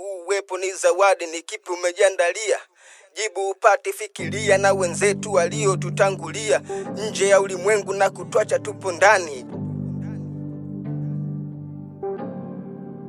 uwepo ni zawadi, ni kipi umejiandalia? Jibu upate, fikiria na wenzetu waliotutangulia, nje ya ulimwengu na kutwacha, tupo ndani.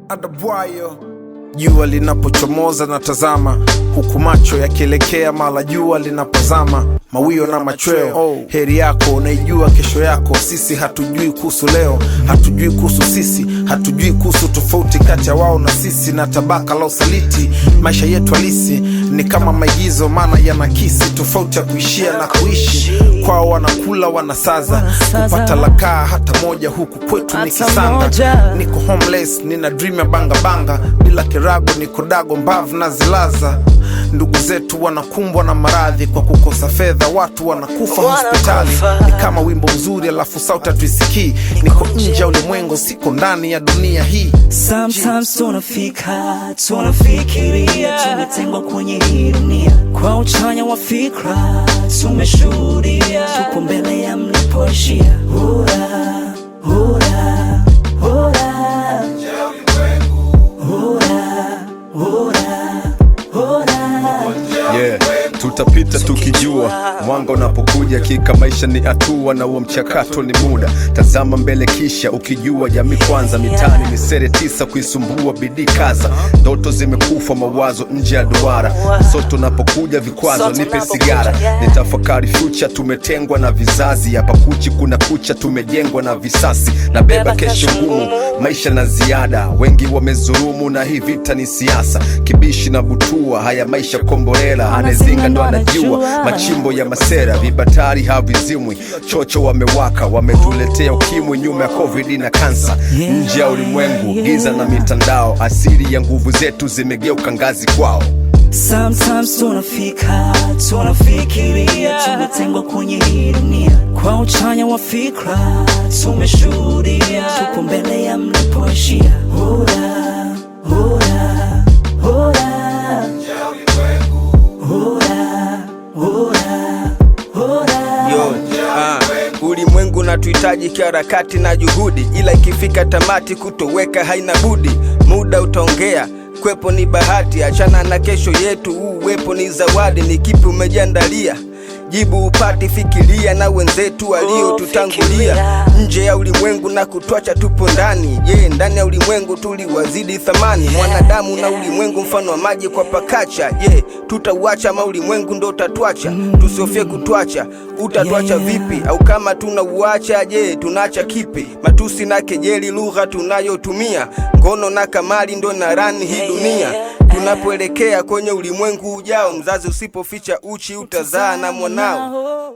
Adabwayo. Jua linapochomoza na tazama, huku macho yakielekea mala jua linapozama, mawio na machweo. Oh, heri yako unaijua kesho yako. Sisi hatujui kuhusu leo, hatujui kuhusu sisi, hatujui kuhusu tofauti kati ya wao na sisi na tabaka la usaliti, maisha yetu halisi ni kama maigizo, maana yanakisi tofauti ya kuishia na kuishi. Kwao wanakula wanasaza, kupata lakaa hata moja, huku kwetu ni kisanda. Niko homeless, nina dream ya bangabanga, bila kirago niko dago, mbavu na zilaza Ndugu zetu wanakumbwa na maradhi kwa kukosa fedha, watu wanakufa hospitali. Ni kama wimbo mzuri alafu sauti hatuisikii. Niko nje ya ulimwengu, siko ndani ya dunia hii. tumeshuhudia tupo mbele ya mlipoishia. tutapita tukijua mwanga unapokuja kika. Maisha ni hatua na huo mchakato ni muda. Tazama mbele kisha ukijua jamii kwanza. mitani ni sere tisa, kuisumbua bidii kaza. Ndoto zimekufa mawazo nje ya duara. soto unapokuja vikwazo, nipe sigara ni tafakari fucha Tumetengwa na vizazi, hapa kuchi kuna kucha, tumejengwa na visasi. na beba kesho ngumu, maisha na ziada. Wengi wamezurumu na hii vita ni siasa, kibishi na butua. Haya maisha kombolela anezinga ndo anajua machimbo ya masera, vibatari havizimwi, chocho wamewaka, wametuletea ukimwi nyuma ya covid na kansa. Nje ya ulimwengu giza na mitandao, asili ya nguvu zetu zimegeuka ngazi kwao. Sometimes tunafika tunafikiria tumetengwa kwenye hii dunia kwa uchanya wa fikra, tumeshuhudia tuko mbele ya mnapoishia unatuhitaji kiharakati na juhudi, ila ikifika tamati kutoweka haina budi. Muda utaongea kwepo ni bahati, achana na kesho yetu, uwepo ni zawadi. Ni kipi umejiandalia? Jibu upati, fikiria na wenzetu waliotutangulia oh, nje ya ulimwengu na kutwacha, tupo ndani yeah ndani ya ulimwengu tuliwazidi thamani yeah, mwanadamu yeah, na ulimwengu mfano wa maji kwa pakacha ye yeah, tutauacha ama ulimwengu ndo utatwacha? mm, tusiofie kutwacha, utatwacha yeah, vipi? au kama tunauacha je, yeah, tunaacha kipi? matusi na kejeli, lugha tunayotumia, ngono na kamali ndo na rani hii dunia tunapoelekea kwenye ulimwengu ujao. Mzazi usipoficha uchi utazaa na mwanao.